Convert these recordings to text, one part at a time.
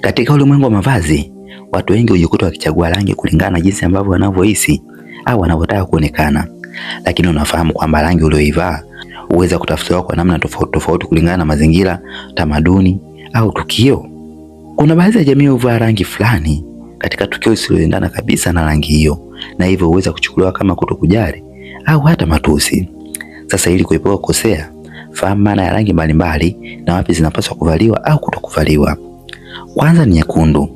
Katika ulimwengu wa mavazi, watu wengi hujikuta wakichagua rangi kulingana na jinsi ambavyo wanavyohisi au wanavyotaka kuonekana, lakini unafahamu kwamba rangi uliyoivaa huweza kutafsiriwa kwa namna tofauti tofauti kulingana na mazingira, tamaduni au tukio. Kuna baadhi ya jamii huvaa rangi fulani katika tukio lisiloendana kabisa na rangi hiyo, na hivyo huweza kuchukuliwa kama kutokujali au hata matusi. Sasa ili kuepuka kukosea, fahamu maana ya rangi mbalimbali na wapi zinapaswa kuvaliwa au kutokuvaliwa. Kwanza ni nyekundu.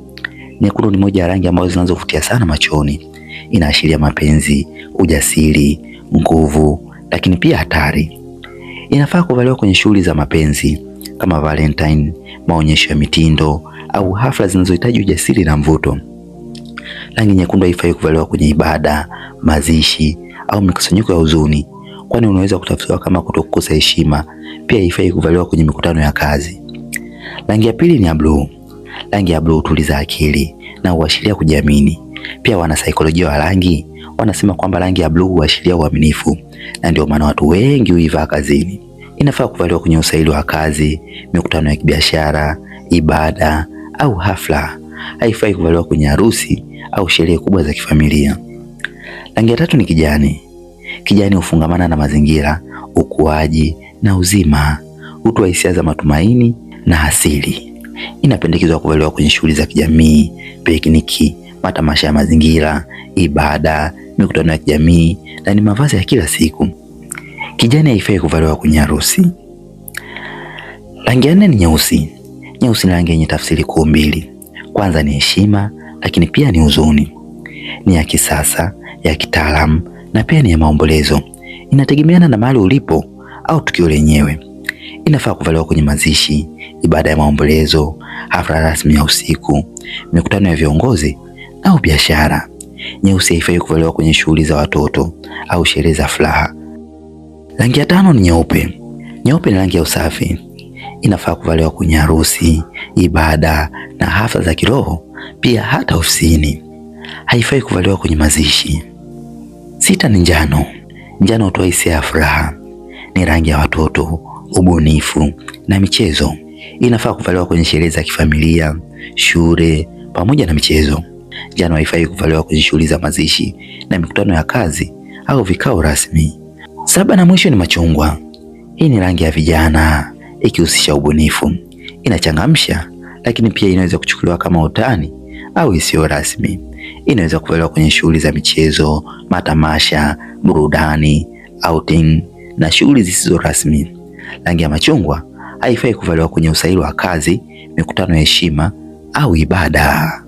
Nyekundu ni moja ya rangi ambazo zinazovutia sana machoni, inaashiria mapenzi, ujasiri, nguvu, lakini pia hatari. Inafaa kuvaliwa kwenye shughuli za mapenzi kama Valentine, maonyesho ya mitindo au hafla zinazohitaji ujasiri na mvuto. Rangi nyekundu haifai kuvaliwa kwenye ibada, mazishi au mikusanyiko ya huzuni, kwani unaweza kutafsiriwa kama kutokukosa heshima. Pia haifai kuvaliwa kwenye mikutano ya kazi. Rangi ya pili ni ya bluu. Rangi ya bluu hutuliza akili na huashiria kujiamini. Pia wanasaikolojia wa rangi wanasema kwamba rangi ya bluu huashiria uaminifu, na ndio maana watu wengi huivaa kazini. Inafaa kuvaliwa kwenye usaili wa kazi, mikutano ya kibiashara, ibada au hafla. Haifai kuvaliwa kwenye harusi au sherehe kubwa za kifamilia. Rangi ya tatu ni kijani. Kijani hufungamana na mazingira, ukuaji na uzima. Hutoa hisia za matumaini na asili. Inapendekezwa kuvaliwa kwenye shughuli za kijamii, pikniki, matamasha ya mazingira, ibada, mikutano ya kijamii na ni mavazi ya kila siku. Kijani haifai kuvaliwa kwenye harusi. Rangi ya nne ni nyeusi. Nyeusi ni rangi yenye tafsiri kuu mbili. Kwanza ni heshima, lakini pia ni huzuni. Ni ya kisasa, ya kitaalamu na pia ni ya maombolezo. Inategemeana na mahali ulipo au tukio lenyewe inafaa kuvaliwa kwenye mazishi, ibada ya maombolezo, hafla rasmi ya usiku, mikutano ya viongozi au biashara. Nyeusi haifai kuvaliwa kwenye shughuli za watoto au sherehe za furaha. Rangi ya tano ni nyeupe. Nyeupe ni rangi ya usafi, inafaa kuvaliwa kwenye harusi, ibada na hafla za kiroho, pia hata ofisini. Haifai kuvaliwa kwenye mazishi. Sita ni njano. Njano hutoa hisia ya furaha, ni rangi ya watoto ubunifu na michezo. Inafaa kuvaliwa kwenye sherehe za kifamilia, shule pamoja na michezo. Njano haifai kuvaliwa kwenye shughuli za mazishi na mikutano ya kazi au vikao rasmi. Saba na mwisho ni machungwa. Hii ni rangi ya vijana ikihusisha ubunifu, inachangamsha, lakini pia inaweza kuchukuliwa kama utani au isiyo rasmi. Inaweza kuvaliwa kwenye shughuli za michezo, matamasha, burudani, outing na shughuli zisizo rasmi. Rangi ya machungwa haifai kuvaliwa kwenye usaili wa kazi, mikutano ya heshima au ibada.